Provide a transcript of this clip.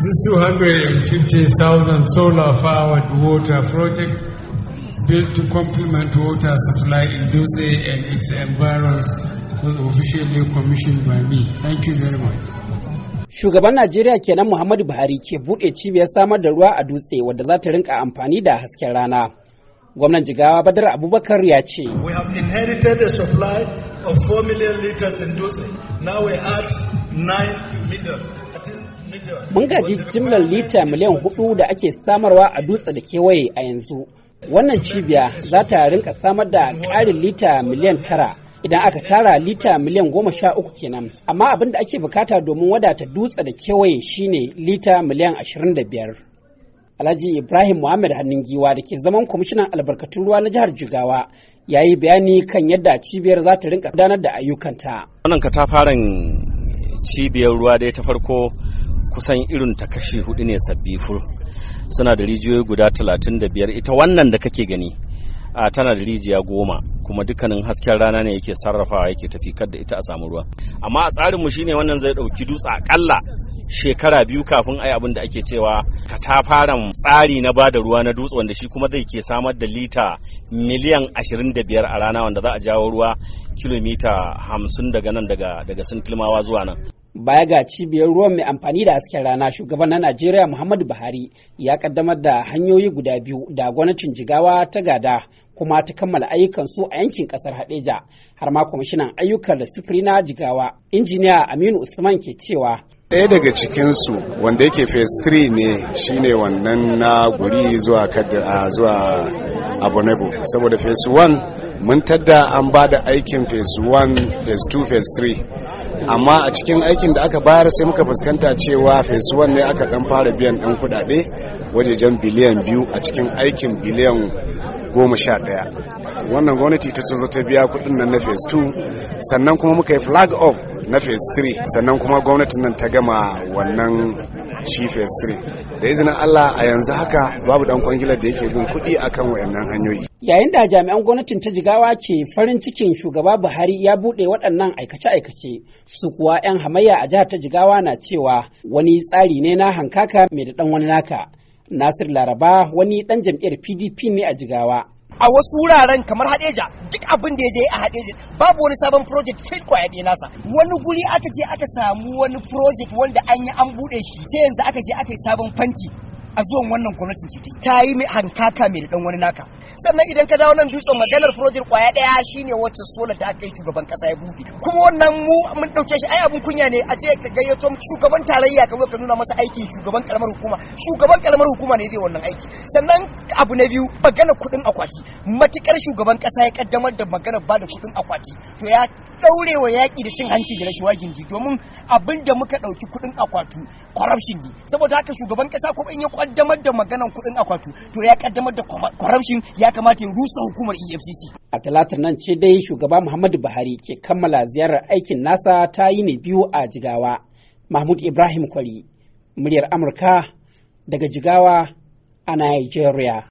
This 250,000 solar-powered water project built to complement water supply in Duse and its environs was officially commissioned by me. Thank you very much. Shugaban Najeriya kenan Muhammadu Buhari ke buɗe cibiyar samar da ruwa a dutse wadda za ta rinka amfani da hasken rana. Gwamnan Jigawa Badar Abubakar ya ce. We have inherited a supply of 4 million liters in Dutse. Now we add 9 million. Mun gaji jimlar lita miliyan hudu da ake samarwa a dutse da kewaye a yanzu. Wannan cibiya za ta rinka samar da ƙarin lita miliyan tara idan aka tara lita miliyan goma sha uku kenan. Amma abin da ake bukata domin wadata dutse da kewaye shine lita miliyan ashirin da biyar. Alhaji Ibrahim Muhammad Hannun Giwa da ke zaman kwamishinan albarkatun ruwa na jihar Jigawa ya yi bayani kan yadda cibiyar za ta rinka gudanar da ayyukanta. Wannan katafaren cibiyar ruwa dai ta farko kusan irin ta kashi hudu ne sabbi fur suna da rijiyoyi guda talatin da biyar ita wannan da kake gani a tana da rijiya goma kuma dukkanin hasken rana ne yake sarrafawa yake tafi da ita a samu ruwa amma a tsarinmu shine wannan zai dauki dutse akalla shekara biyu kafin a abin da ake cewa katafaren tsari na ba da ruwa na dutse wanda shi kuma zai ke samar da lita miliyan 25 a rana wanda za a jawo ruwa kilomita 50 daga nan daga sintilmawa zuwa nan baya ga cibiyar ruwan mai amfani da hasken rana shugaban na najeriya muhammadu buhari ya kaddamar da hanyoyi guda biyu da gwamnatin jigawa ta gada kuma ta kammala ayyukan su a yankin kasar hadeja har ma kwamishinan ayyukan da sufuri na jigawa injiniya aminu usman ke cewa ɗaya daga cikinsu wanda yake phase 3 ne shine wannan na guri zuwa zuwa abonebo saboda phase 1 mun tadda an ba da aikin phase 1 phase 2 phase 3 amma a cikin aikin da aka bayar sai muka fuskanta cewa phase one ne aka dan fara biyan dan kudade wajejen biliyan biyu a cikin aikin biliyan goma sha daya wannan gwamnati ta zo ta biya kudin nan na phase 2 sannan kuma muka yi flag off na phase 3 sannan kuma gwamnatin nan ta gama wannan shi phase da izinin Allah a yanzu haka babu dan kwangilar da yake bin kuɗi akan wayannan hanyoyi yayin da jami'an gwamnatin ta jigawa ke farin cikin shugaba Buhari ya buɗe waɗannan aikace-aikace su kuwa 'yan hamayya a jihar ta jigawa na cewa wani tsari ne na hankaka mai da ɗan wani naka Nasir Laraba wani ɗan jam'iyyar PDP ne a jigawa a wasu wuraren kamar hadeja duk abin da ya je a hadeja babu wani sabon project fil kwaya ɗaya nasa wani guri aka je aka samu wani project wanda an yi an buɗe shi sai yanzu aka je aka yi sabon fanti a zuwan wannan gwamnatin ce ta yi hankaka mai dan wani naka sannan idan ka dawo nan dutsen maganar project kwaya daya shine wacce sola da aka yi shugaban kasa ya bude kuma wannan mu mun dauke shi ai abun kunya ne a ce ka gayyato shugaban tarayya ka zo ka nuna masa aiki shugaban karamar hukuma shugaban karamar hukuma ne zai wannan aiki sannan abu na biyu maganar kudin akwati matukar shugaban kasa ya kaddamar da maganar ba da kudin akwati to ya ɗaurewa yaƙi da cin hanci da rashawa gindi domin abin da muka ɗauki kuɗin akwatu corruption ne saboda haka shugaban ƙasa ko in ya kaddamar da maganan kuɗin akwatu to ya kaddamar da corruption ya kamata ya rusa hukumar EFCC. A talatar nan ce dai shugaba Muhammadu Buhari ke kammala ziyarar aikin nasa ta yi ne biyu a Jigawa. Mahmud Ibrahim Kwari, muryar Amurka daga Jigawa a Nigeria.